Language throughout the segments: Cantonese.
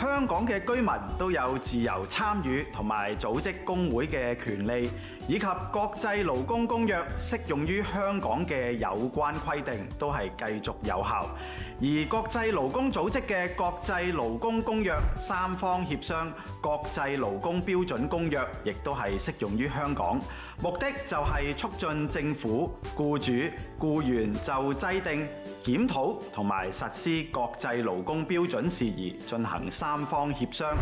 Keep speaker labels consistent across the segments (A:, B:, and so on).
A: 香港嘅居民都有自由參與同埋組織工會嘅權利，以及國際勞工公約適用於香港嘅有關規定都係繼續有效。而國際勞工組織嘅國際勞工公約三方協商、國際勞工標準公約，亦都係適用於香港。目的就係促進政府、僱主僱主、僱員就制定、檢討同埋實施國際勞工標準事宜進行。三方協商，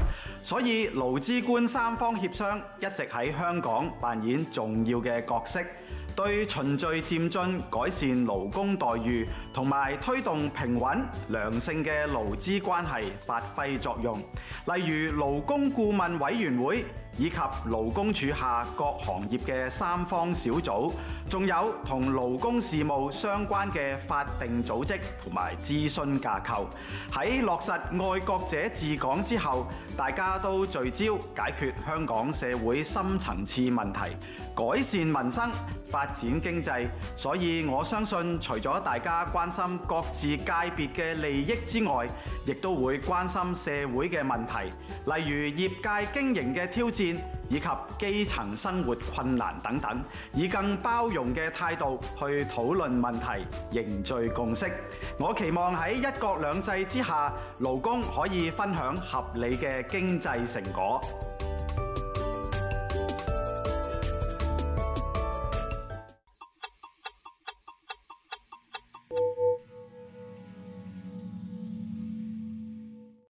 A: 所以勞資官三方協商一直喺香港扮演重要嘅角色，對循序漸進改善勞工待遇同埋推動平穩良性嘅勞資關係發揮作用。例如勞工顧問委員會。以及勞工處下各行業嘅三方小組，仲有同勞工事務相關嘅法定組織同埋諮詢架構。喺落實愛國者治港之後，大家都聚焦解決香港社會深層次問題，改善民生、發展經濟。所以我相信，除咗大家關心各自界別嘅利益之外，亦都會關心社會嘅問題，例如業界經營嘅挑戰。以及基層生活困難等等，以更包容嘅態度去討論問題，凝聚共識。我期望喺一國兩制之下，勞工可以分享合理嘅經濟成果。